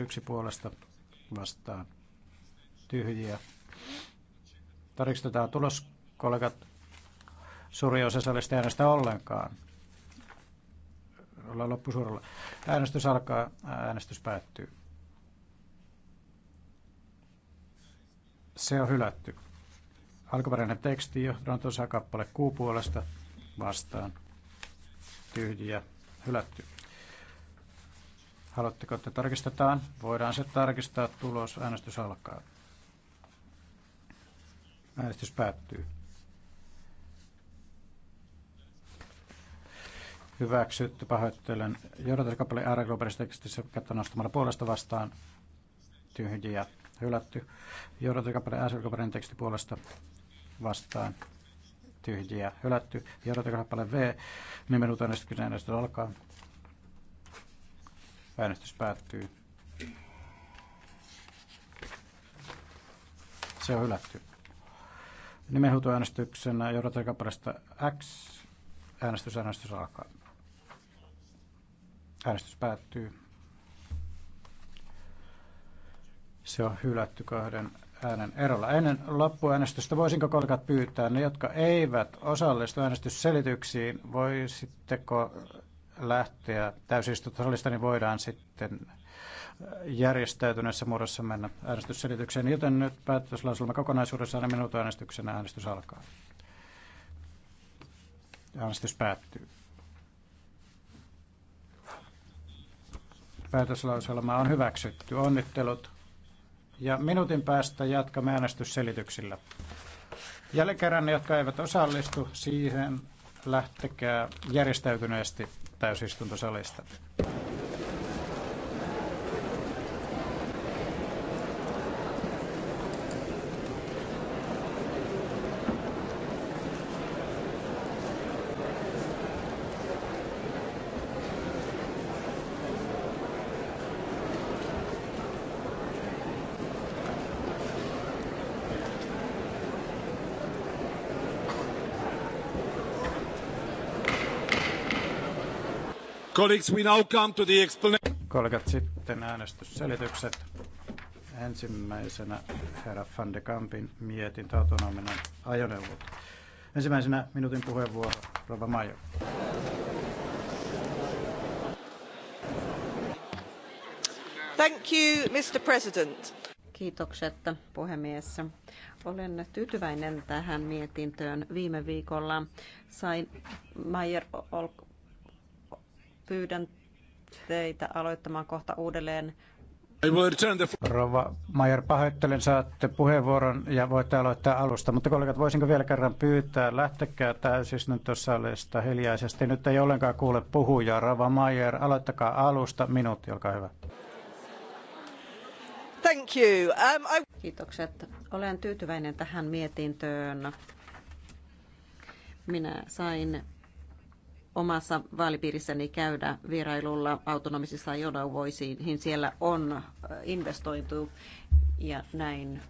Yksi puolesta vastaan tyhjiä. Tarkistetaan tulos, kollegat. Suuri osa salista äänestä ollenkaan. Ollaan loppusuoralla. Äänestys alkaa, äänestys päättyy. Se on hylätty. Alkuperäinen teksti jo, osa kappale Q puolesta vastaan. Tyhjiä, hylätty. Haluatteko, että tarkistetaan? Voidaan se tarkistaa. Tulos. Äänestys alkaa. Äänestys päättyy. Hyväksytty. Pahoittelen. Johdatuskappale r tekstissä kättä nostamalla puolesta vastaan. Tyhjiä. Hylätty. Johdatuskappale s teksti puolesta vastaan. Tyhjiä. Hylätty. Johdatuskappale V. Nimenuutäänestyksen äänestys alkaa. Äänestys päättyy. Se on hylätty. Nimenhuutoäänestyksenä joudutaan kappaleesta X. Äänestys, äänestys alkaa. Äänestys päättyy. Se on hylätty kahden äänen erolla. Ennen loppuäänestystä voisinko kollegat pyytää ne, jotka eivät osallistu äänestysselityksiin, voisitteko lähteä täysistuntosalista, niin voidaan sitten järjestäytyneessä muodossa mennä äänestysselitykseen. Joten nyt päätöslauselma kokonaisuudessaan minuutin äänestyksen äänestys alkaa. Äänestys päättyy. Päätöslauselma on hyväksytty. Onnittelut. Ja minuutin päästä jatkamme äänestysselityksillä. Jälleen kerran ne, jotka eivät osallistu siihen, lähtekää järjestäytyneesti täysistuntosalista. Colleagues, we now come to the explanation. Kollegat, sitten äänestysselitykset. Ensimmäisenä herra Van de Kampin mietintö autonominen ajoneuvo. Ensimmäisenä minuutin puheenvuoro, Rova Maijo. Thank you, Mr. President. Kiitokset puhemies. Olen tyytyväinen tähän mietintöön. Viime viikolla sain Mayer Pyydän teitä aloittamaan kohta uudelleen. Rova Majer, pahoittelen, saatte puheenvuoron ja voitte aloittaa alusta. Mutta kollegat, voisinko vielä kerran pyytää, lähtekää täysistuntosalista hiljaisesti. Nyt ei ollenkaan kuule puhujaa. Rova Majer, aloittakaa alusta. Minuutti, olkaa hyvä. Thank you. Um, I... Kiitokset. Olen tyytyväinen tähän mietintöön. Minä sain omassa vaalipiirissäni käydä vierailulla autonomisissa ajoneuvoisiin. Siellä on investoitu ja näin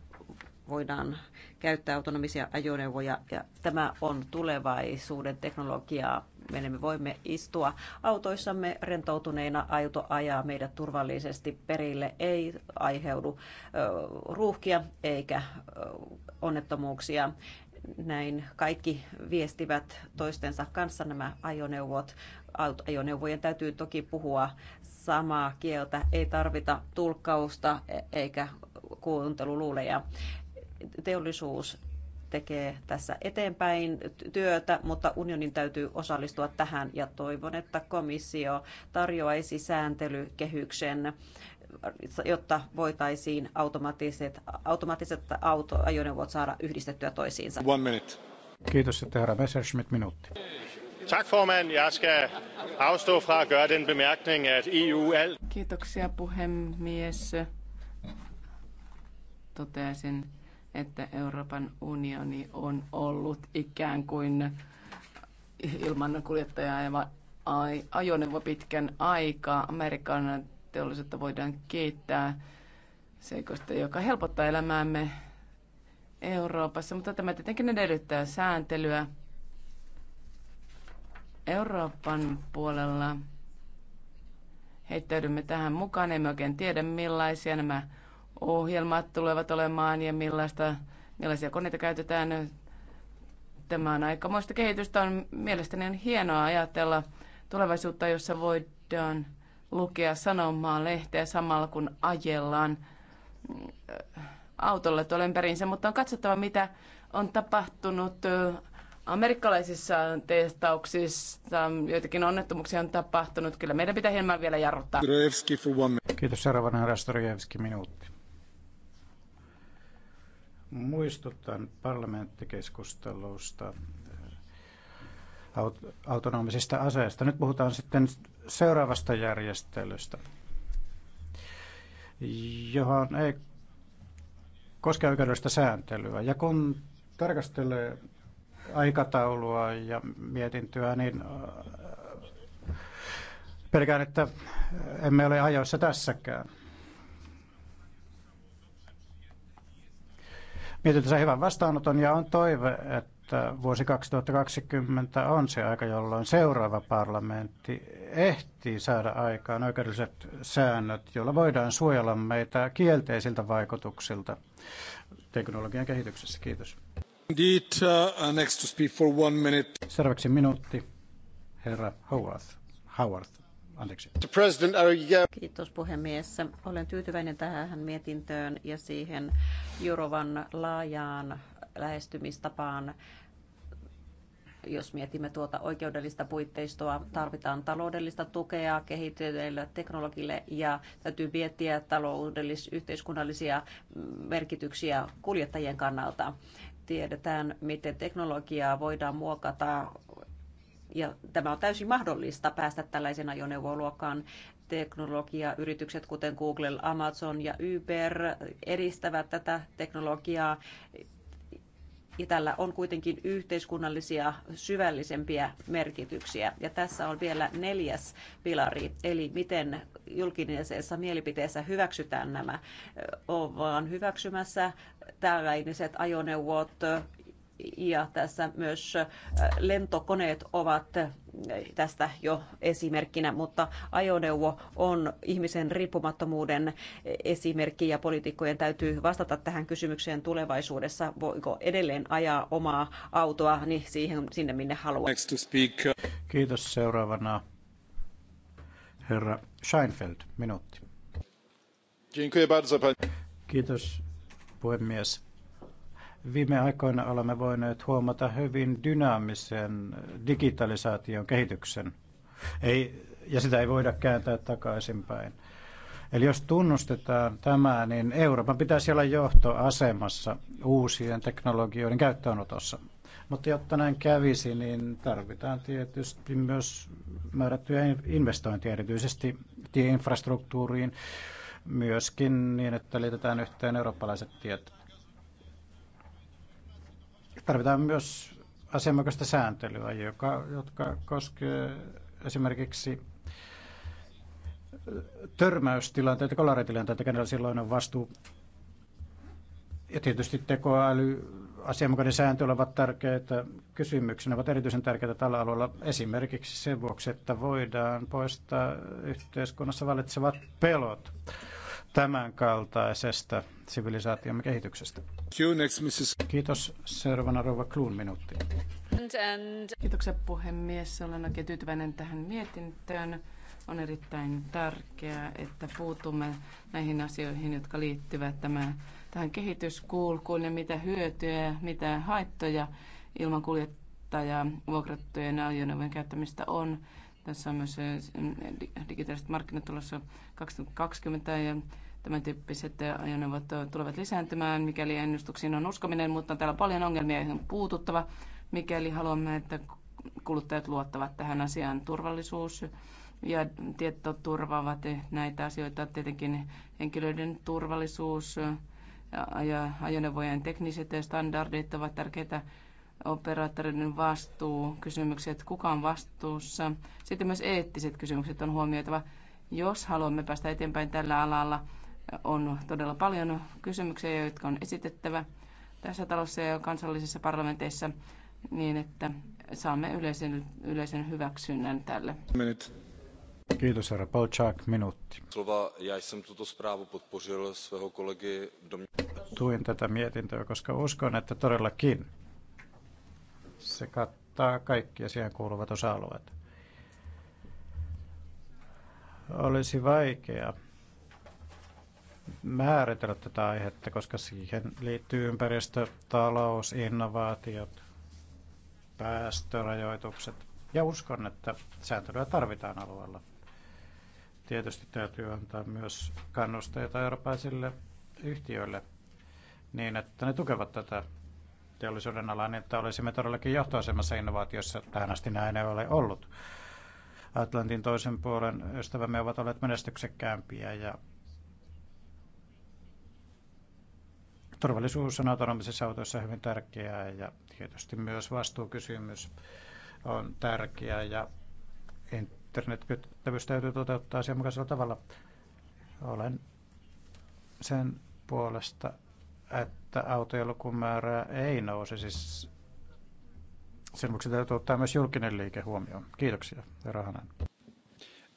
voidaan käyttää autonomisia ajoneuvoja ja tämä on tulevaisuuden teknologiaa. Me voimme istua autoissamme rentoutuneina, auto ajaa meidät turvallisesti perille, ei aiheudu ruuhkia eikä onnettomuuksia. Näin kaikki viestivät toistensa kanssa nämä ajoneuvot. Ajoneuvojen täytyy toki puhua samaa kieltä, ei tarvita tulkkausta e- eikä kuunteluluuleja. Teollisuus tekee tässä eteenpäin työtä, mutta unionin täytyy osallistua tähän ja toivon, että komissio tarjoaisi sääntelykehyksen jotta voitaisiin automaattiset, automaattiset ajoneuvot saada yhdistettyä toisiinsa. One minute. Kiitos, että herra Messerschmidt minuutti. Tack formen. Jag ska avstå fra at den bemärkning att EU all. Kiitoksia puhemies. Toteaisin, että Euroopan unioni on ollut ikään kuin ilman kuljettajaa ja ajoneuvo pitkän aikaa. Amerikan teollisuutta voidaan kiittää seikosta, joka helpottaa elämäämme Euroopassa, mutta tämä tietenkin edellyttää sääntelyä Euroopan puolella. Heittäydymme tähän mukaan, emme oikein tiedä millaisia nämä ohjelmat tulevat olemaan ja millaista, millaisia koneita käytetään. Tämä on aikamoista kehitystä. On, mielestäni on hienoa ajatella tulevaisuutta, jossa voidaan lukea sanomaa lehteä samalla kun ajellaan autolla tuolla ympäriinsä, mutta on katsottava mitä on tapahtunut amerikkalaisissa testauksissa. Joitakin onnettomuuksia on tapahtunut. Kyllä meidän pitää hieman vielä jarruttaa. Kiitos seuraavana herra Storjevski, minuutti. Muistutan parlamenttikeskustelusta autonomisista aseista. Nyt puhutaan sitten seuraavasta järjestelystä, johon ei koske oikeudellista sääntelyä. Ja kun tarkastelee aikataulua ja mietintöä, niin äh, pelkään, että emme ole ajoissa tässäkään. Mietintö sai hyvän vastaanoton ja on toive, että että vuosi 2020 on se aika, jolloin seuraava parlamentti ehtii saada aikaan oikeudelliset säännöt, joilla voidaan suojella meitä kielteisiltä vaikutuksilta teknologian kehityksessä. Kiitos. Indeed, uh, uh next to speak for one minute. Seuraavaksi minuutti, herra Howard. Howard. Kiitos puhemies. Olen tyytyväinen tähän mietintöön ja siihen Jurovan laajaan lähestymistapaan jos mietimme tuota oikeudellista puitteistoa, tarvitaan taloudellista tukea kehittyneille teknologille ja täytyy miettiä taloudellis-yhteiskunnallisia mm, merkityksiä kuljettajien kannalta. Tiedetään, miten teknologiaa voidaan muokata ja tämä on täysin mahdollista päästä tällaisen ajoneuvoluokkaan teknologiayritykset, kuten Google, Amazon ja Uber, edistävät tätä teknologiaa ja tällä on kuitenkin yhteiskunnallisia syvällisempiä merkityksiä. Ja tässä on vielä neljäs pilari, eli miten julkisessa mielipiteessä hyväksytään nämä. On vaan hyväksymässä tällaiset ajoneuvot, ja tässä myös lentokoneet ovat tästä jo esimerkkinä, mutta ajoneuvo on ihmisen riippumattomuuden esimerkki ja poliitikkojen täytyy vastata tähän kysymykseen tulevaisuudessa. Voiko edelleen ajaa omaa autoa niin siihen, sinne minne haluaa? Kiitos seuraavana. Herra Scheinfeld, minuutti. Kiitos puhemies Viime aikoina olemme voineet huomata hyvin dynaamisen digitalisaation kehityksen, ei, ja sitä ei voida kääntää takaisinpäin. Eli jos tunnustetaan tämä, niin Euroopan pitäisi olla johtoasemassa uusien teknologioiden käyttöönotossa. Mutta jotta näin kävisi, niin tarvitaan tietysti myös määrättyjä investointeja, erityisesti tieinfrastruktuuriin, myöskin niin, että liitetään yhteen eurooppalaiset tiet. Tarvitaan myös asianmukaista sääntelyä, joka, jotka koskee esimerkiksi törmäystilanteita, kolaritilanteita, kenellä silloin on vastuu. Ja tietysti tekoäly, asianmukainen sääntö ovat tärkeitä kysymyksiä, ne ovat erityisen tärkeitä tällä alueella esimerkiksi sen vuoksi, että voidaan poistaa yhteiskunnassa valitsevat pelot tämän kaltaisesta sivilisaatiomme kehityksestä. Kiitos. Seuraavana rouva Kluun minuutti. Kiitoksia puhemies. Olen oikein tyytyväinen tähän mietintöön. On erittäin tärkeää, että puutumme näihin asioihin, jotka liittyvät tämän, tähän kehityskulkuun ja mitä hyötyjä ja mitä haittoja ilman kuljettajaa vuokrattujen ajoneuvojen käyttämistä on. Tässä on myös eh, digitaaliset markkinat tulossa 2020 ja tämän tyyppiset eh, ajoneuvot eh, tulevat lisääntymään, mikäli ennustuksiin on uskominen, mutta täällä on paljon ongelmia, joihin on puututtava, mikäli haluamme, että kuluttajat luottavat tähän asiaan turvallisuus ja turvaavat näitä asioita. Tietenkin henkilöiden turvallisuus ja ajoneuvojen tekniset standardit ovat tärkeitä Operaattorin vastuu, kysymykset, kuka on vastuussa. Sitten myös eettiset kysymykset on huomioitava. Jos haluamme päästä eteenpäin tällä alalla, on todella paljon kysymyksiä, jotka on esitettävä tässä talossa ja kansallisissa parlamenteissa niin, että saamme yleisen, yleisen hyväksynnän tälle. Minut. Kiitos, herra Polchak. Minuutti. Slova, já jsem tuto podpořil svého kolegy Tuin tätä mietintöä, koska uskon, että todellakin se kattaa kaikki asiaan kuuluvat osa-alueet. Olisi vaikea määritellä tätä aihetta, koska siihen liittyy ympäristö, talous, innovaatiot, päästörajoitukset. Ja uskon, että sääntelyä tarvitaan alueella. Tietysti täytyy antaa myös kannusteita eurooppalaisille yhtiöille niin, että ne tukevat tätä teollisuuden ala, niin että olisimme todellakin johtoasemassa innovaatiossa. Tähän asti näin ei ole ollut. Atlantin toisen puolen ystävämme ovat olleet menestyksekkäämpiä ja turvallisuus on autonomisissa autoissa hyvin tärkeää ja tietysti myös vastuukysymys on tärkeä ja internetkyttävyys täytyy toteuttaa asianmukaisella tavalla. Olen sen puolesta, että että autojen lukumäärä ei nouse. Siis sen vuoksi täytyy ottaa myös julkinen liike huomioon. Kiitoksia, Rahanen.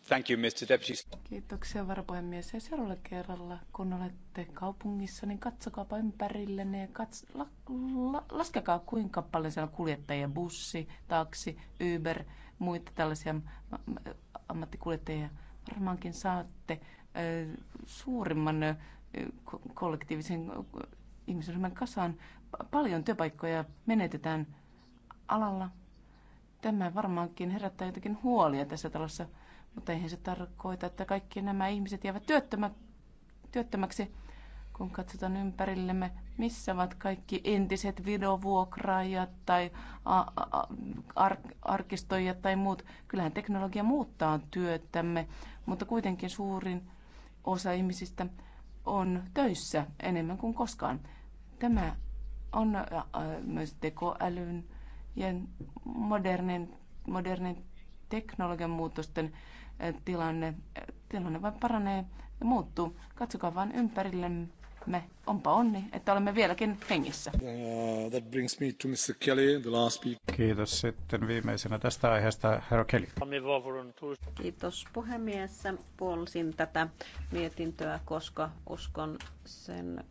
Thank you, Mr. Deputy. Kiitoksia, varapuhemies. Ja seuraavalla kerralla, kun olette kaupungissa, niin katsokaapa ympärillenne ja kats- la- la- laskekaa, kuinka paljon siellä on kuljettajia, bussi, taksi, Uber, muita tällaisia ammattikuljettajia. Varmaankin saatte suurimman kollektiivisen ihmisryhmän kasaan. Paljon työpaikkoja menetetään alalla. Tämä varmaankin herättää jotakin huolia tässä talossa, mutta eihän se tarkoita, että kaikki nämä ihmiset jäävät työttömä, työttömäksi, kun katsotaan ympärillemme, missä ovat kaikki entiset videovuokraajat tai a- a- ar- arkistoijat tai muut. Kyllähän teknologia muuttaa työtämme, mutta kuitenkin suurin osa ihmisistä on töissä enemmän kuin koskaan. Tämä on äh, myös tekoälyn ja modernin, modernin teknologian muutosten äh, tilanne, äh, tilanne vain paranee ja muuttuu. Katsokaa vain ympärillemme me. Onpa onni, että olemme vieläkin hengissä. Uh, that brings me to Mr. Kelly, the last speaker. Kiitos sitten viimeisenä tästä aiheesta, herra Kelly. Kiitos puhemies. Puolsin tätä mietintöä, koska uskon sen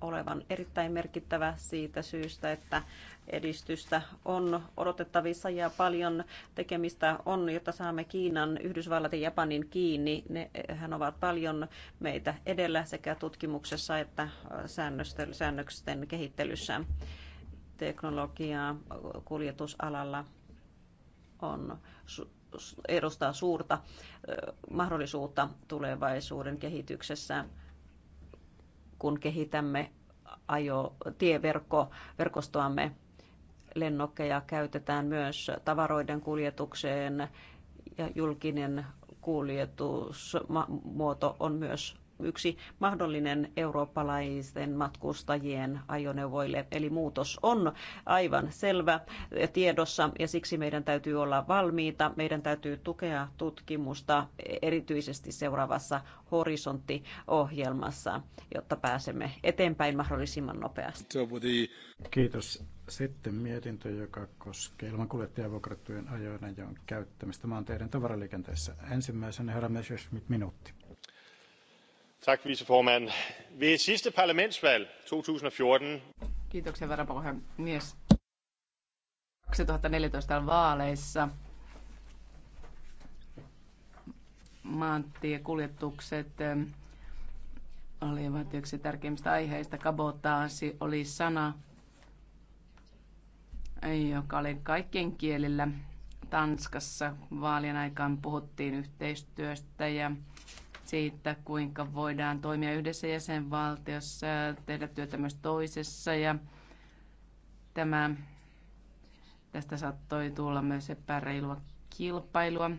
olevan erittäin merkittävä siitä syystä, että edistystä on odotettavissa ja paljon tekemistä on, jotta saamme Kiinan, Yhdysvallat ja Japanin kiinni. Ne, ovat paljon meitä edellä sekä tutkimuksessa että säännösten kehittelyssä. Teknologiaa kuljetusalalla on edustaa suurta mahdollisuutta tulevaisuuden kehityksessä kun kehitämme ajo, tieverkko, verkostoamme lennokkeja käytetään myös tavaroiden kuljetukseen ja julkinen kuljetusmuoto on myös yksi mahdollinen eurooppalaisten matkustajien ajoneuvoille. Eli muutos on aivan selvä tiedossa ja siksi meidän täytyy olla valmiita. Meidän täytyy tukea tutkimusta erityisesti seuraavassa horisonttiohjelmassa, jotta pääsemme eteenpäin mahdollisimman nopeasti. Kiitos. Sitten mietintö, joka koskee ilman kuljettajavuokrattujen ajoneuvon käyttämistä maanteiden tavaraliikenteessä. Ensimmäisenä herra Messerschmidt minuutti arvoisa puhemies ved sidste parlamentsvalg to tusind og fjorten Kiitoksia vaaleissa maantiekuljetukset eh, olivat yksi tärkeimmistä aiheista. Kabotaasi oli sana, joka oli kaikkien kielillä. Tanskassa vaalien aikaan puhuttiin yhteistyöstä ja siitä, kuinka voidaan toimia yhdessä jäsenvaltiossa, tehdä työtä myös toisessa. Ja tämä, tästä saattoi tulla myös epäreilua kilpailua.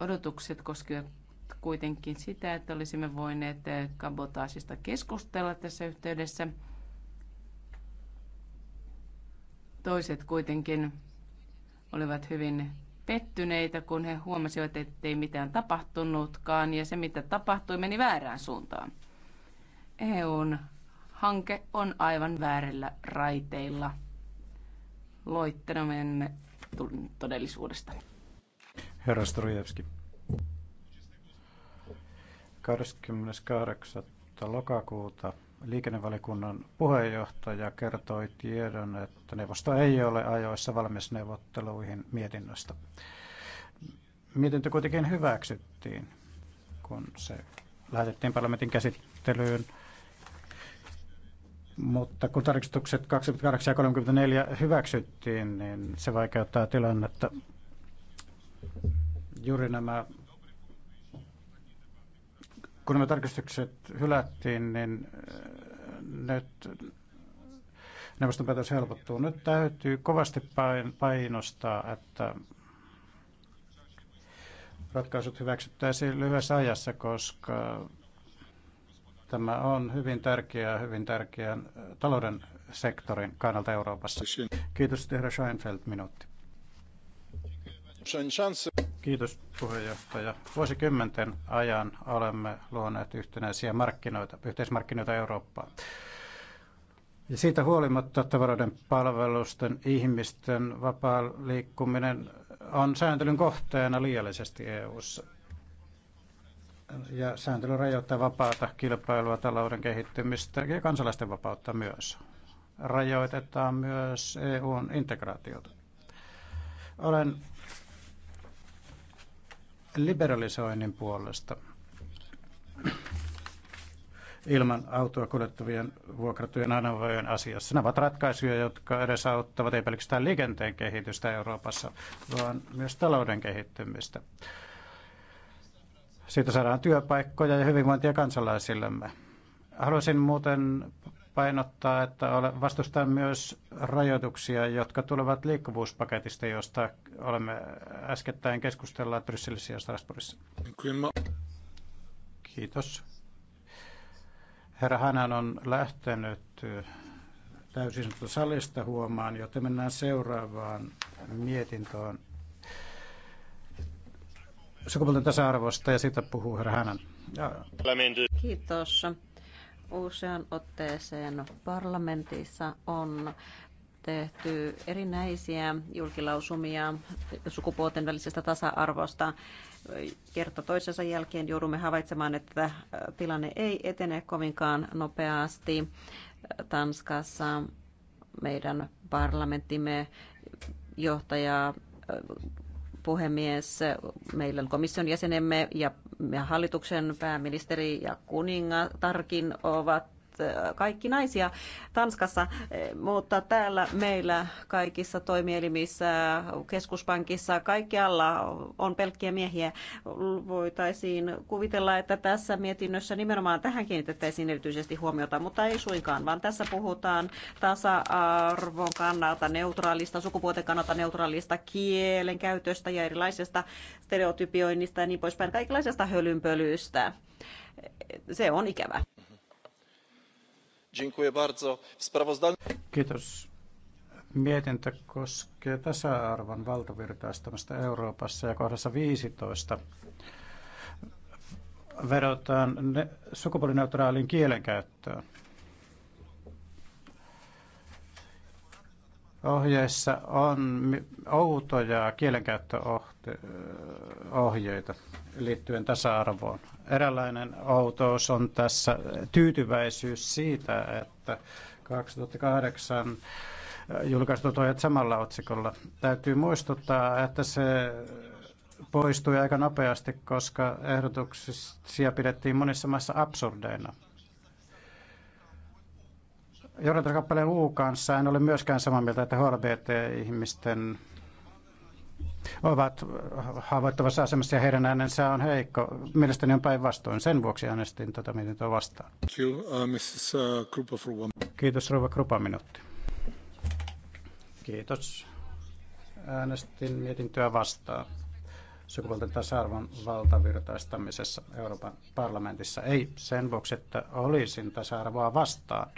Odotukset koskivat kuitenkin sitä, että olisimme voineet kabotaasista keskustella tässä yhteydessä. Toiset kuitenkin olivat hyvin pettyneitä, kun he huomasivat, ettei mitään tapahtunutkaan ja se, mitä tapahtui, meni väärään suuntaan. EUn hanke on aivan väärillä raiteilla. Loittelemme todellisuudesta. Herra Strojevski. 28 lokakuuta liikennevalikunnan puheenjohtaja kertoi tiedon, että neuvosto ei ole ajoissa valmis neuvotteluihin mietinnöstä. Mietintö kuitenkin hyväksyttiin, kun se lähetettiin parlamentin käsittelyyn. Mutta kun tarkistukset 28 ja 34 hyväksyttiin, niin se vaikeuttaa tilannetta. Juuri nämä kun nämä tarkistukset hylättiin, niin äh, nyt neuvoston päätös helpottuu. Nyt täytyy kovasti painostaa, että ratkaisut hyväksyttäisiin lyhyessä ajassa, koska tämä on hyvin tärkeä, hyvin tärkeän talouden sektorin kannalta Euroopassa. Kiitos, herra Scheinfeld, minuutti. Kiitos puheenjohtaja. Vuosikymmenten ajan olemme luoneet yhtenäisiä markkinoita, yhteismarkkinoita Eurooppaan. Ja siitä huolimatta tavaroiden palvelusten ihmisten vapaa liikkuminen on sääntelyn kohteena liiallisesti EU:ssa. Ja sääntely rajoittaa vapaata kilpailua, talouden kehittymistä ja kansalaisten vapautta myös. Rajoitetaan myös EUn integraatiota. Olen liberalisoinnin puolesta ilman autoa kuljettavien vuokratujen ajoneuvojen asiassa. Nämä ovat ratkaisuja, jotka edesauttavat ei pelkästään liikenteen kehitystä Euroopassa, vaan myös talouden kehittymistä. Siitä saadaan työpaikkoja ja hyvinvointia kansalaisillemme. Haluaisin muuten painottaa, että vastustan myös rajoituksia, jotka tulevat liikkuvuuspaketista, josta olemme äskettäin keskustelleet Brysselissä ja Strasbourgissa. Kiitos. Herra Hänän on lähtenyt täysin salista huomaan, joten mennään seuraavaan mietintöön sukupuolten tasa-arvosta ja siitä puhuu herra Hänen. Kiitos usean otteeseen parlamentissa on tehty erinäisiä julkilausumia sukupuolten välisestä tasa-arvosta. Kerta toisensa jälkeen joudumme havaitsemaan, että tilanne ei etene kovinkaan nopeasti. Tanskassa meidän parlamenttimme johtaja puhemies. Meillä on komission jäsenemme ja hallituksen pääministeri ja kuningatarkin ovat Äh, kaikki naisia Tanskassa, äh, mutta täällä meillä kaikissa toimielimissä, keskuspankissa, kaikkialla on pelkkiä miehiä. Voitaisiin kuvitella, että tässä mietinnössä nimenomaan tähän kiinnitettäisiin erityisesti huomiota, mutta ei suinkaan, vaan tässä puhutaan tasa-arvon kannalta neutraalista, sukupuolten kannalta neutraalista kielen käytöstä ja erilaisesta stereotypioinnista ja niin poispäin, kaikenlaisesta hölynpölyistä. Se on ikävä. Kiitos. Mietintö koskee tasa-arvon valtavirtaistamista Euroopassa ja kohdassa 15 vedotaan sukupuolineutraaliin kielenkäyttöön. Ohjeissa on outoja kielenkäyttöohjeita liittyen tasa-arvoon eräänlainen outous on tässä tyytyväisyys siitä, että 2008 julkaistut ojat samalla otsikolla. Täytyy muistuttaa, että se poistui aika nopeasti, koska ehdotuksia pidettiin monissa maissa absurdeina. Jorantakappaleen U kanssa en ole myöskään samaa mieltä, että HLBT-ihmisten ovat havaittavassa asemassa ja heidän äänensä on heikko. Mielestäni on päinvastoin. Sen vuoksi äänestin tätä mietintöä vastaan. Uh, uh, Kiitos, Rouva Krupa, minuutti. Kiitos. Äänestin mietintöä vastaan sukupuolten tasa-arvon valtavirtaistamisessa Euroopan parlamentissa. Ei sen vuoksi, että olisin tasa-arvoa vastaan,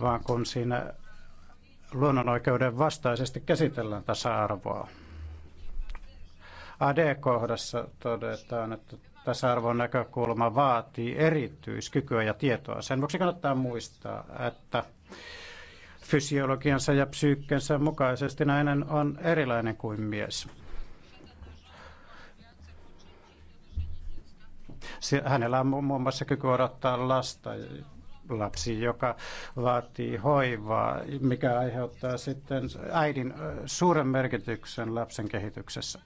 vaan kun siinä luonnonoikeuden vastaisesti käsitellään tasa-arvoa. AD-kohdassa todetaan, että tasa-arvon näkökulma vaatii erityiskykyä ja tietoa. Sen vuoksi kannattaa muistaa, että fysiologiansa ja psyykkensä mukaisesti nainen on erilainen kuin mies. Hänellä on muun muassa kyky odottaa lasta, lapsi, joka vaatii hoivaa, mikä aiheuttaa sitten äidin suuren merkityksen lapsen kehityksessä.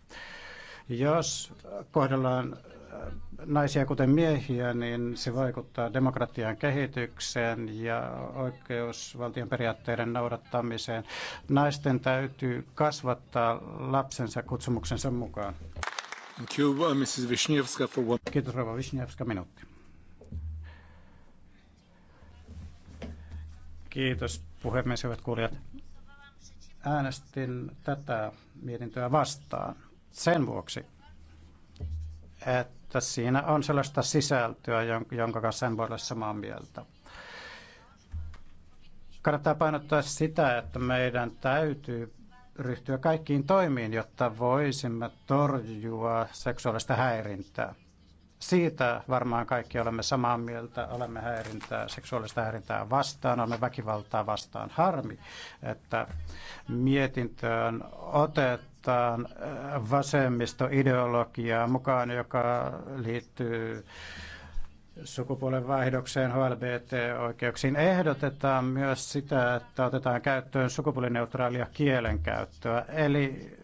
Jos kohdellaan äh, naisia kuten miehiä, niin se vaikuttaa demokratian kehitykseen ja oikeusvaltion periaatteiden noudattamiseen. Naisten täytyy kasvattaa lapsensa kutsumuksensa mukaan. Uh, Kiitos, Rova Vishnevska, minuutti. Kiitos, puhemies, hyvät kuulijat. Äänestin tätä mietintöä vastaan sen vuoksi, että siinä on sellaista sisältöä, jonka kanssa en voi olla samaa mieltä. Kannattaa painottaa sitä, että meidän täytyy ryhtyä kaikkiin toimiin, jotta voisimme torjua seksuaalista häirintää. Siitä varmaan kaikki olemme samaa mieltä, olemme häirintää, seksuaalista häirintää vastaan, olemme väkivaltaa vastaan. Harmi, että mietintöön otetaan äh, vasemmistoideologiaa mukaan, joka liittyy sukupuolen vaihdokseen HLBT-oikeuksiin. Ehdotetaan myös sitä, että otetaan käyttöön sukupuolineutraalia kielenkäyttöä. Eli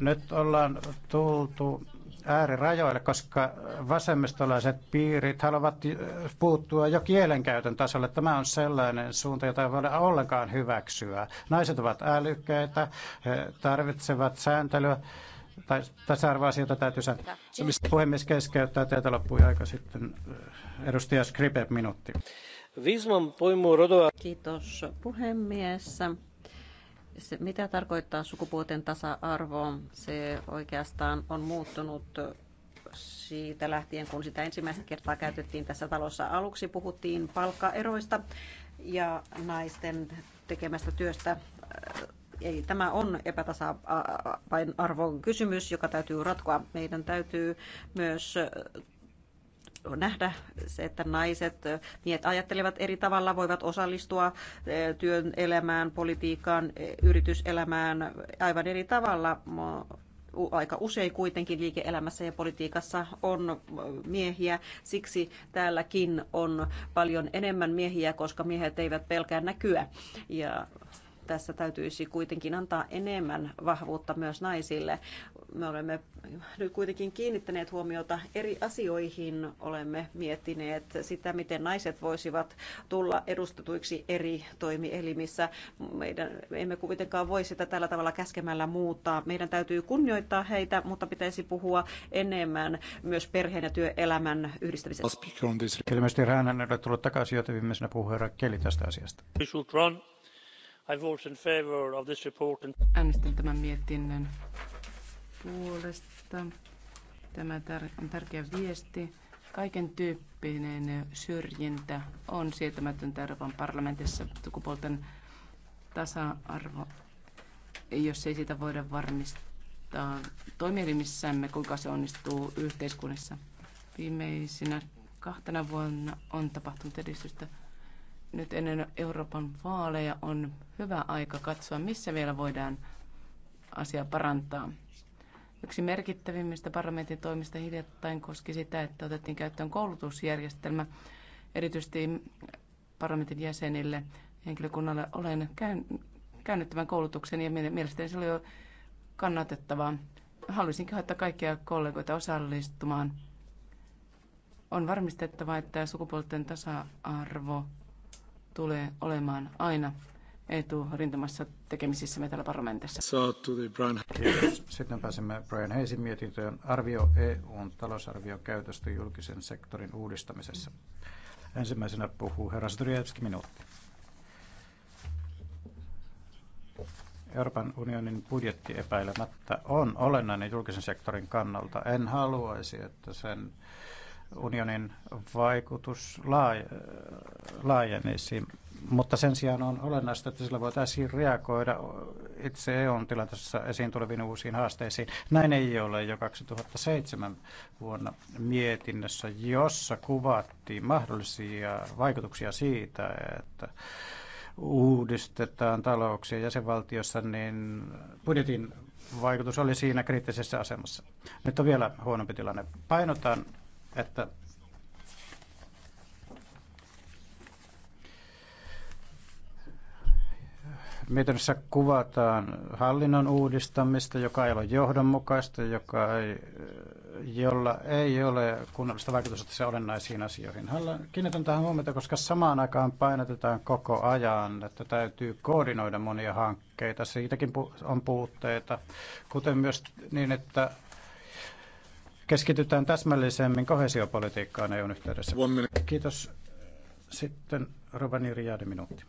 nyt ollaan tultu äärirajoille, koska vasemmistolaiset piirit haluavat äh, puuttua jo kielenkäytön tasolle. Tämä on sellainen suunta, jota ei voida ollenkaan hyväksyä. Naiset ovat älykkäitä, he tarvitsevat sääntelyä tai tasa-arvoasioita täytyy sääntää. Puhemies keskeyttää teitä loppui aika sitten. Edustaja Skripe, minuutti. Kiitos puhemies se, mitä tarkoittaa sukupuolten tasa-arvo, se oikeastaan on muuttunut siitä lähtien, kun sitä ensimmäistä kertaa käytettiin tässä talossa. Aluksi puhuttiin palkkaeroista ja naisten tekemästä työstä. Ei, tämä on epätasa-arvon kysymys, joka täytyy ratkoa. Meidän täytyy myös nähdä se, että naiset miehet ajattelevat eri tavalla, voivat osallistua eh, työn elämään, politiikkaan, eh, yrityselämään aivan eri tavalla. Aika usein kuitenkin liike-elämässä ja politiikassa on eh, miehiä, siksi täälläkin on paljon enemmän miehiä, koska miehet eivät pelkää näkyä. Ja tässä täytyisi kuitenkin antaa enemmän vahvuutta myös naisille. Me olemme nyt kuitenkin kiinnittäneet huomiota eri asioihin, olemme miettineet sitä, miten naiset voisivat tulla edustetuiksi eri toimielimissä. Meidän, me emme kuitenkaan voi sitä tällä tavalla käskemällä muuttaa. Meidän täytyy kunnioittaa heitä, mutta pitäisi puhua enemmän myös perheen ja työelämän yhdistämisestä. Ilmeisesti Räänhän ei ole tullut takaisin, joten viimeisenä puhuu herra Keli tästä asiasta. I voted in of this report. Äänestin tämän mietinnön puolesta. Tämä on tärkeä viesti. Kaiken tyyppinen syrjintä on sietämätöntä Euroopan parlamentissa sukupuolten tasa-arvo, jos ei sitä voida varmistaa toimielimissämme, kuinka se onnistuu yhteiskunnissa. Viimeisinä kahtena vuonna on tapahtunut edistystä nyt ennen Euroopan vaaleja on hyvä aika katsoa, missä vielä voidaan asiaa parantaa. Yksi merkittävimmistä parlamentin toimista hiljattain koski sitä, että otettiin käyttöön koulutusjärjestelmä erityisesti parlamentin jäsenille henkilökunnalle. Olen käynyt tämän koulutuksen ja mielestäni se oli jo kannatettavaa. Haluaisin kehottaa kaikkia kollegoita osallistumaan. On varmistettava, että sukupuolten tasa-arvo tulee olemaan aina eturintamassa tekemisissä täällä parlamentissa. Kiitos. Sitten pääsemme Brian Heisin mietintöön arvio EUn talousarvion käytöstä julkisen sektorin uudistamisessa. Ensimmäisenä puhuu herra Strujevski minuutti. Euroopan unionin budjetti epäilemättä on olennainen julkisen sektorin kannalta. En haluaisi, että sen unionin vaikutus laajenisi, mutta sen sijaan on olennaista, että sillä voitaisiin reagoida itse EUn tilanteessa esiin tuleviin uusiin haasteisiin. Näin ei ole jo 2007 vuonna mietinnössä, jossa kuvattiin mahdollisia vaikutuksia siitä, että uudistetaan talouksia jäsenvaltiossa, niin budjetin vaikutus oli siinä kriittisessä asemassa. Nyt on vielä huonompi tilanne. Painotan että mietinnössä kuvataan hallinnon uudistamista, joka ei ole johdonmukaista, joka ei, jolla ei ole kunnallista vaikutusta se olennaisiin asioihin. Haluan, kiinnitän tähän huomiota, koska samaan aikaan painotetaan koko ajan, että täytyy koordinoida monia hankkeita. Siitäkin on puutteita, kuten myös niin, että keskitytään täsmällisemmin kohesiopolitiikkaan EUn yhteydessä. Kiitos. Sitten Robin Riadi minuutti.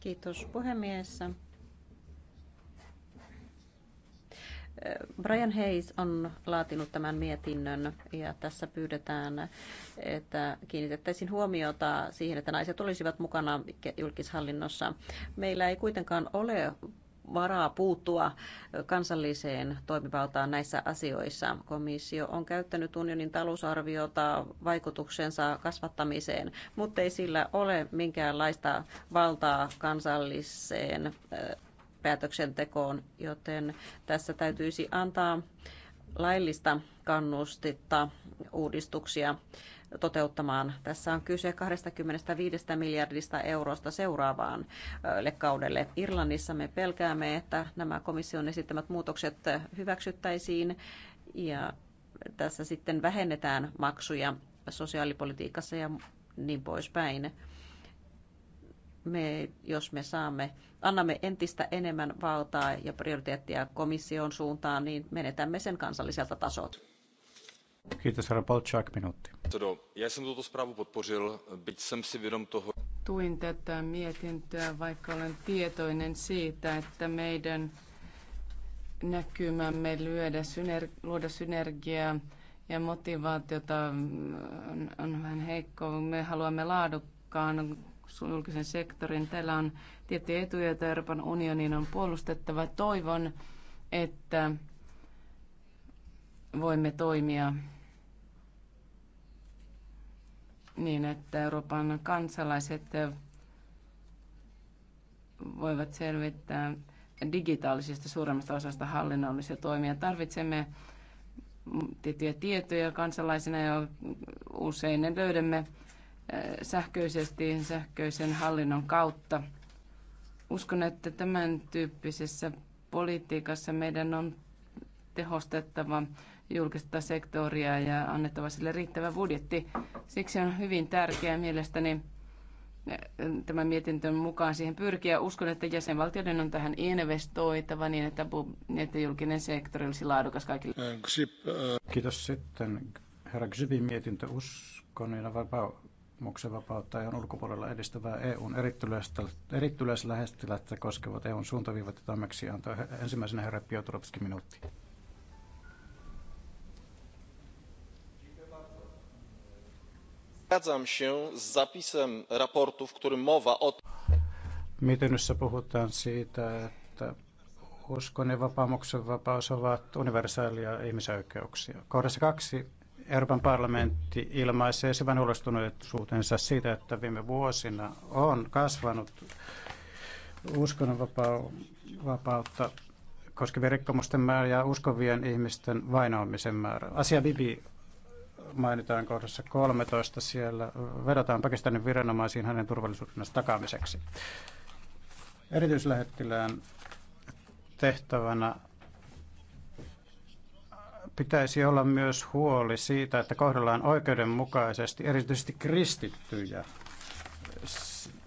Kiitos puhemies. Brian Hayes on laatinut tämän mietinnön ja tässä pyydetään, että kiinnitettäisiin huomiota siihen, että naiset olisivat mukana julkishallinnossa. Meillä ei kuitenkaan ole varaa puuttua kansalliseen toimivaltaan näissä asioissa. Komissio on käyttänyt unionin talousarviota vaikutuksensa kasvattamiseen, mutta ei sillä ole minkäänlaista valtaa kansalliseen päätöksentekoon, joten tässä täytyisi antaa laillista kannustetta uudistuksia toteuttamaan. Tässä on kyse 25 miljardista eurosta seuraavaan kaudelle. Irlannissa me pelkäämme, että nämä komission esittämät muutokset hyväksyttäisiin ja tässä sitten vähennetään maksuja sosiaalipolitiikassa ja niin poispäin. Me, jos me saamme, annamme entistä enemmän valtaa ja prioriteettia komission suuntaan, niin menetämme sen kansalliselta tasolta. Kiitos, herra Polchak, minuutti. Tuin tätä mietintöä, vaikka olen tietoinen siitä, että meidän näkymämme lyödä syner- luoda synergiaa ja motivaatiota on, on vähän heikko. Me haluamme laadukkaan julkisen sektorin. Täällä on tiettyjä etuja, joita Euroopan unionin on puolustettava. Toivon, että voimme toimia niin, että Euroopan kansalaiset voivat selvittää digitaalisesta suuremmasta osasta hallinnollisia toimia. Tarvitsemme tiettyjä tietoja kansalaisina ja usein ne löydämme sähköisesti sähköisen hallinnon kautta. Uskon, että tämän tyyppisessä politiikassa meidän on tehostettava julkista sektoria ja annettava sille riittävä budjetti. Siksi on hyvin tärkeää mielestäni eh, tämän mietintön mukaan siihen pyrkiä. Uskon, että jäsenvaltioiden on tähän investoitava niin, että, että julkinen sektori olisi laadukas kaikille. Kiitos sitten. Herra Gsybin mietintö uskon ja vakaumuksen vapautta on ulkopuolella edistävää EUn erityislähestiläistä koskevat EUn suuntaviivat ja toimeksianto. Ensimmäisenä herra Piotrowski minuutti Zgadzam się z zapisem sprawozdania w którym mowa o... Mietinnössä puhutaan siitä, että uskon ja vapaamuksen vapaus ovat universaalia ihmisoikeuksia. Kohdassa kaksi Euroopan parlamentti ilmaisee syvän huolestuneisuutensa siitä, että viime vuosina on kasvanut uskonnonvapautta koskevien rikkomusten määrä ja uskovien ihmisten vainoamisen määrä. Asia Bibi mainitaan kohdassa 13. Siellä vedotaan Pakistanin viranomaisiin hänen turvallisuutensa takaamiseksi. Erityislähettilään tehtävänä pitäisi olla myös huoli siitä, että kohdellaan oikeudenmukaisesti erityisesti kristittyjä.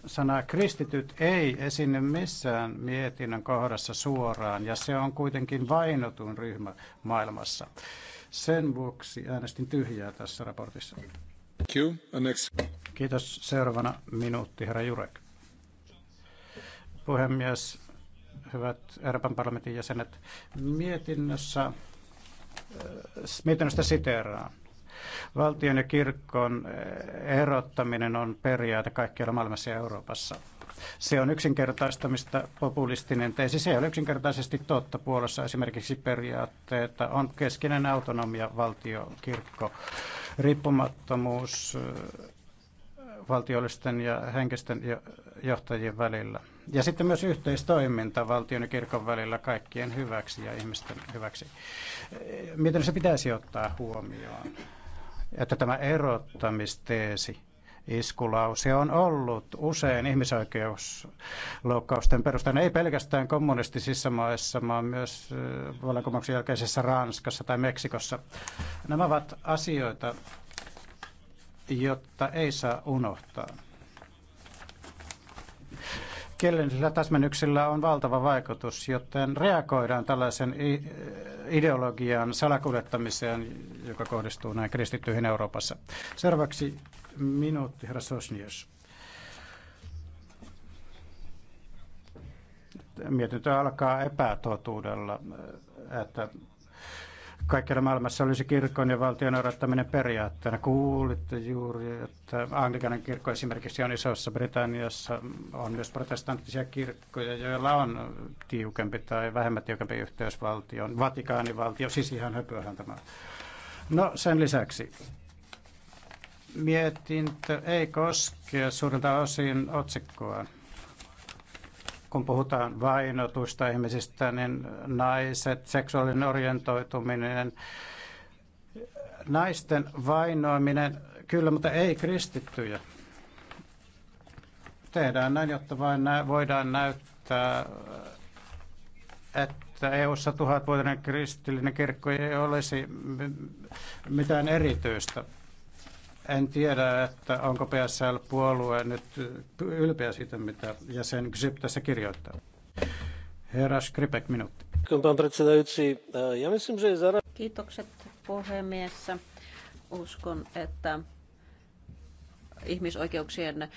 Sana kristityt ei esine missään mietinnön kohdassa suoraan, ja se on kuitenkin vainotun ryhmä maailmassa. Sen vuoksi äänestin tyhjää tässä raportissa. Kiitos. Seuraavana minuutti, herra Jurek. Puhemies, hyvät Euroopan parlamentin jäsenet, mietinnössä, äh, mietinnöstä siteeraan. Valtion ja kirkon äh, erottaminen on periaate kaikkialla maailmassa ja Euroopassa. Se on yksinkertaistamista populistinen teesi. Se ei ole yksinkertaisesti totta. puolessa esimerkiksi periaatteita on keskinen autonomia, valtio, kirkko, riippumattomuus valtiollisten ja henkisten johtajien välillä. Ja sitten myös yhteistoiminta valtion ja kirkon välillä kaikkien hyväksi ja ihmisten hyväksi. Miten se pitäisi ottaa huomioon? Että tämä erottamisteesi iskulause on ollut usein ihmisoikeusloukkausten perusteena, ei pelkästään kommunistisissa maissa, vaan myös äh, vallankumouksen jälkeisessä Ranskassa tai Meksikossa. Nämä ovat asioita, jotta ei saa unohtaa. Kielellisillä täsmennyksillä on valtava vaikutus, joten reagoidaan tällaisen ideologian salakuljettamiseen, joka kohdistuu näin kristittyihin Euroopassa. Seuraavaksi minuutti, herra Sosnius. Mietintö alkaa epätotuudella, että kaikkialla maailmassa olisi kirkon ja valtion noudattaminen periaatteena. Kuulitte juuri, että anglikanen kirkko esimerkiksi on isossa Britanniassa, on myös protestanttisia kirkkoja, joilla on tiukempi tai vähemmän tiukempi yhteys valtioon. Vatikaanivaltio, siis ihan höpöhän tämä. No sen lisäksi mietintö ei koske suurilta osin otsikkoa. Kun puhutaan vainotuista ihmisistä, niin naiset, seksuaalinen orientoituminen, naisten vainoaminen, kyllä, mutta ei kristittyjä. Tehdään näin, jotta vain nä- voidaan näyttää, että EU-ssa tuhatvuotinen kristillinen kirkko ei olisi mitään erityistä. En tiedä, että onko PSL-puolue nyt ylpeä siitä, mitä jäsen Gzyp tässä kirjoittaa. Herra Skripek, minuutti. Eh, Kiitokset puhemies. Uskon, että ihmisoikeuksien eh,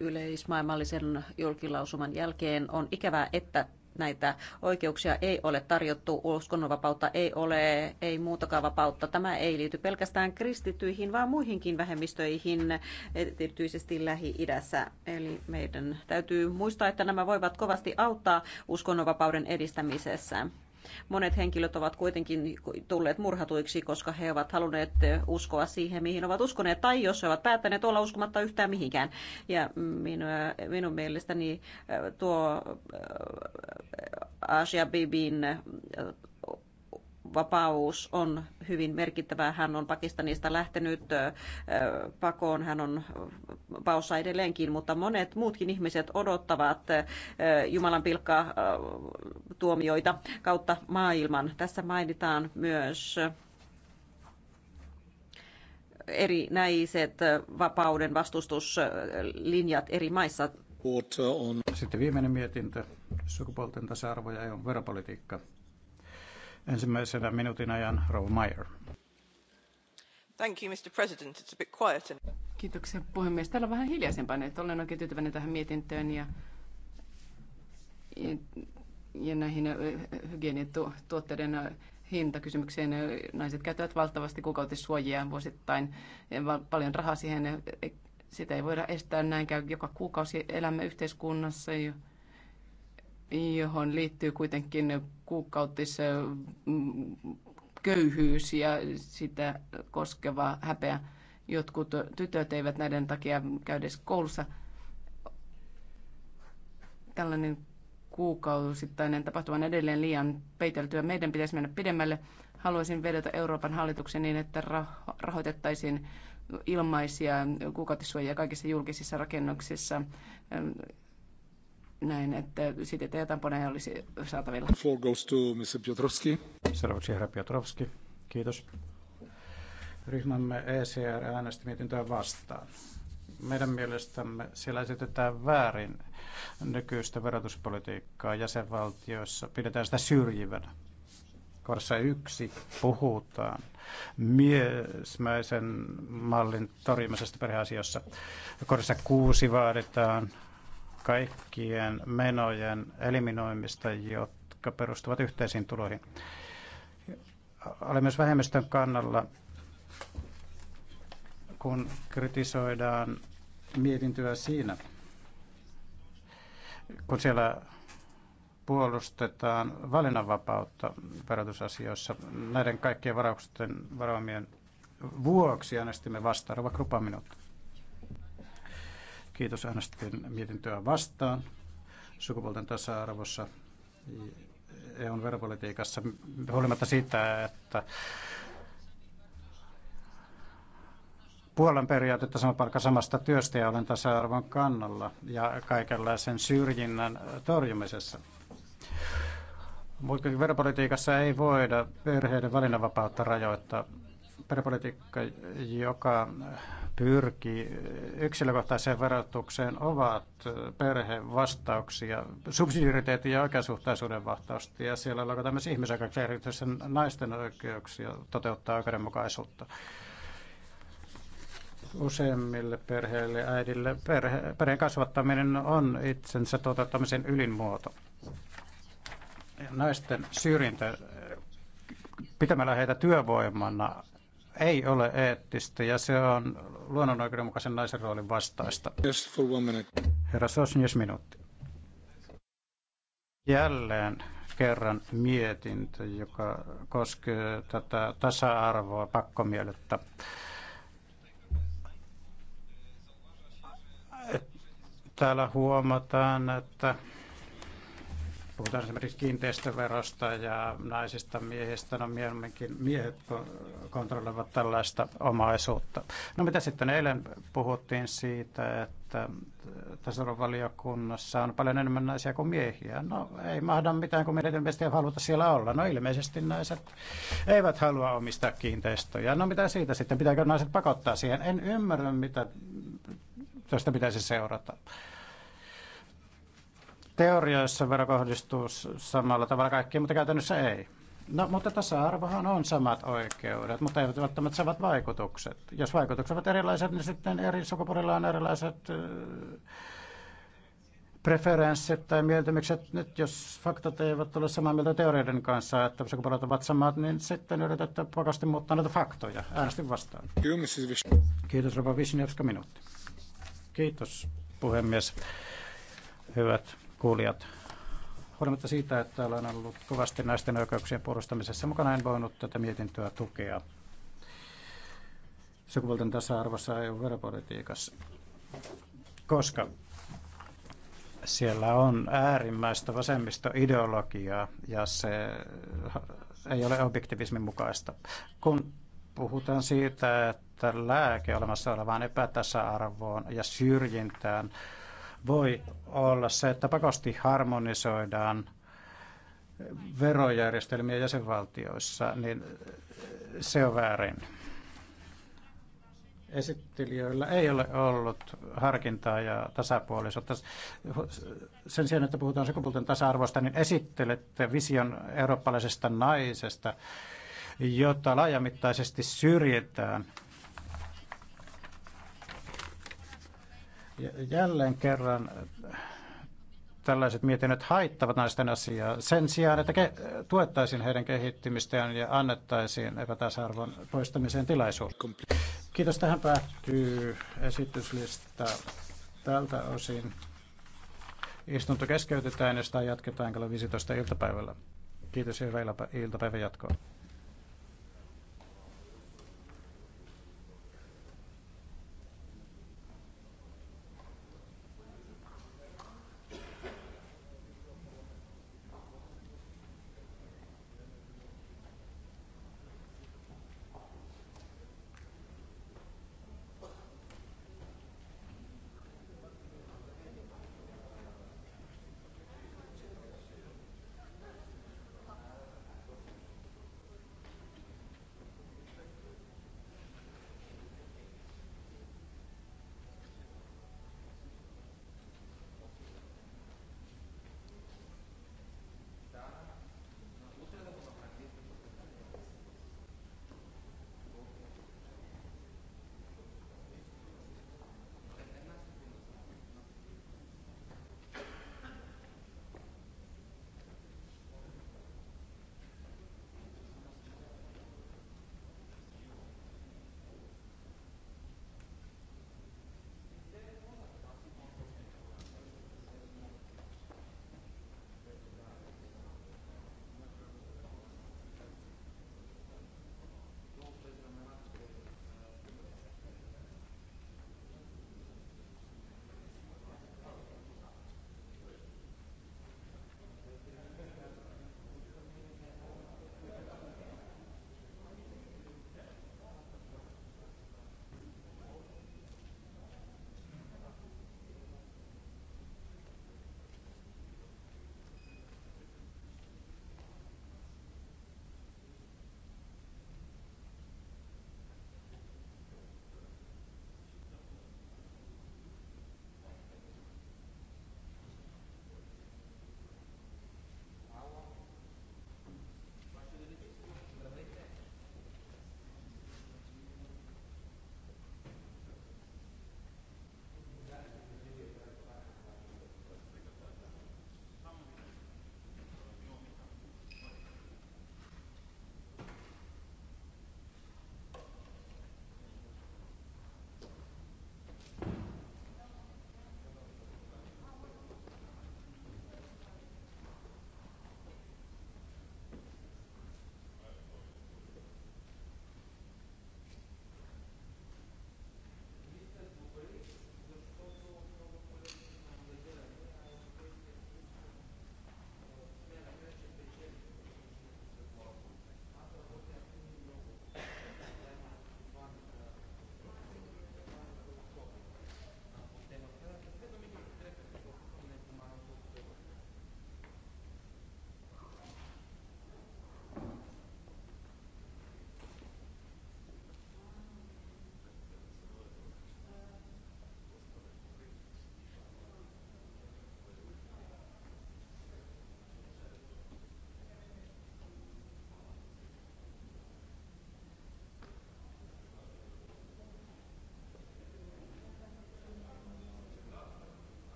yleismaailmallisen julkilausuman jälkeen on ikävää, että näitä oikeuksia ei ole tarjottu, uskonnonvapautta ei ole, ei muutakaan vapautta. Tämä ei liity pelkästään kristittyihin, vaan muihinkin vähemmistöihin, erityisesti Lähi-idässä. Eli meidän täytyy muistaa, että nämä voivat kovasti auttaa uskonnonvapauden edistämisessä. Monet henkilöt ovat kuitenkin tulleet murhatuiksi, koska he ovat halunneet uskoa siihen, mihin ovat uskoneet, tai jos he ovat päättäneet olla uskomatta yhtään mihinkään. Ja minun, minun mielestäni tuo äh, Asia Bibin äh, vapaus on hyvin merkittävää. Hän on Pakistanista lähtenyt pakoon, hän on paossa edelleenkin, mutta monet muutkin ihmiset odottavat Jumalan pilkkaa tuomioita kautta maailman. Tässä mainitaan myös erinäiset vapauden vastustuslinjat eri maissa. Sitten viimeinen mietintö, sukupuolten tasa-arvo ja e veropolitiikka. Ensimmäisenä minuutin ajan Rova Meyer. Kiitoksia puhemies. Täällä on vähän hiljaisempaa, niin että olen oikein tyytyväinen tähän mietintöön ja, ja, ja näihin hygienituotteiden hintakysymykseen. Naiset käyttävät valtavasti kuukautissuojia vuosittain, paljon rahaa siihen. Sitä ei voida estää näin käy joka kuukausi. Elämme yhteiskunnassa, johon liittyy kuitenkin kuukautis mm, köyhyys ja sitä koskeva häpeä. Jotkut tytöt eivät näiden takia käydessä koulussa. Tällainen kuukausittainen tapahtuma on edelleen liian peiteltyä. Meidän pitäisi mennä pidemmälle. Haluaisin vedota Euroopan hallituksen niin, että rahoitettaisiin ilmaisia kuukautissuojia kaikissa julkisissa rakennuksissa näin, että siteitä ja tamponeja olisi saatavilla. Floor goes to Mr. Piotrowski. Seuraavaksi herra Piotrowski. Kiitos. Ryhmämme ECR äänesti mietintöä vastaan. Meidän mielestämme siellä esitetään väärin nykyistä verotuspolitiikkaa jäsenvaltioissa. Pidetään sitä syrjivänä. Kohdassa yksi puhutaan miesmäisen mallin torjumisesta perheasiassa. Kohdassa kuusi vaaditaan kaikkien menojen eliminoimista, jotka perustuvat yhteisiin tuloihin. Olen myös vähemmistön kannalla, kun kritisoidaan mietintöä siinä, kun siellä puolustetaan valinnanvapautta verotusasioissa. Näiden kaikkien varauksien varaamien vuoksi äänestimme vastaan. Rova Krupa minuutti. Kiitos äänestäjien mietintöä vastaan sukupuolten tasa-arvossa eh, EUn veropolitiikassa, huolimatta siitä, että Puolan periaatetta sama palkka samasta työstä ja olen tasa-arvon kannalla ja kaikenlaisen syrjinnän torjumisessa. Mutta veropolitiikassa ei voida perheiden valinnanvapautta rajoittaa. Veropolitiikka, joka pyrkii yksilökohtaiseen verotukseen, ovat perhevastauksia, subsidiariteetti ja oikeasuhtaisuuden vastausta. Ja siellä loukataan myös ihmisoikeuksia, erityisesti naisten oikeuksia toteuttaa oikeudenmukaisuutta useimmille perheille äidille perhe, perheen kasvattaminen on itsensä toteuttamisen ylin muoto. Naisten syrjintä pitämällä heitä työvoimana ei ole eettistä ja se on luonnonoikeudenmukaisen naisen roolin vastaista. Yes, for one minute. Herra Sosnius, minuutti. Jälleen kerran mietintö, joka koskee tätä tasa-arvoa pakkomielettä. Täällä huomataan, että puhutaan esimerkiksi kiinteistöverosta ja naisista miehistä, no mieluumminkin miehet kontrolloivat tällaista omaisuutta. No mitä sitten eilen puhuttiin siitä, että tasa on paljon enemmän naisia kuin miehiä. No ei mahda mitään, kun meidän ei haluta siellä olla. No ilmeisesti naiset eivät halua omistaa kiinteistöjä. No mitä siitä sitten? Pitääkö naiset pakottaa siihen? En ymmärrä, mitä tästä pitäisi seurata. Teorioissa vero kohdistuu samalla tavalla kaikkiin, mutta käytännössä ei. No, mutta tasa-arvohan on samat oikeudet, mutta eivät välttämättä samat vaikutukset. Jos vaikutukset ovat erilaiset, niin sitten eri sukupuolilla on erilaiset preferenssit tai mieltymykset. Nyt jos faktat eivät ole samaa mieltä teorioiden kanssa, että sukupuolet ovat samat, niin sitten yritetään pakasti muuttaa näitä faktoja. Äänestin vastaan. Kiitos, Rova Wisniewska, minuutti. Kiitos, puhemies. Hyvät kuulijat. Huolimatta siitä, että olen ollut kovasti naisten oikeuksien puolustamisessa mukana, en voinut tätä mietintöä tukea sukupuolten tasa-arvossa EU-veropolitiikassa, koska siellä on äärimmäistä vasemmistoideologiaa ja se ei ole objektivismin mukaista. Kun puhutaan siitä, että lääke olemassa olevaan epätasa-arvoon ja syrjintään voi olla se, että pakosti harmonisoidaan verojärjestelmiä jäsenvaltioissa, niin se on väärin. Esittelijöillä ei ole ollut harkintaa ja tasapuolisuutta. Sen sijaan, että puhutaan sukupuolten tasa-arvosta, niin esittelette vision eurooppalaisesta naisesta, jota laajamittaisesti syrjitään Jälleen kerran äh, tällaiset mietinnöt haittavat naisten asiaa sen sijaan, että ke- tuettaisiin heidän kehittymistään ja annettaisiin epätasa-arvon poistamiseen tilaisuus. Kiitos. Tähän päättyy esityslista tältä osin. Istunto keskeytetään ja sitä jatketaan kello 15 iltapäivällä. Kiitos ja hyvää iltapäivän jatkoa.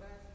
gracias.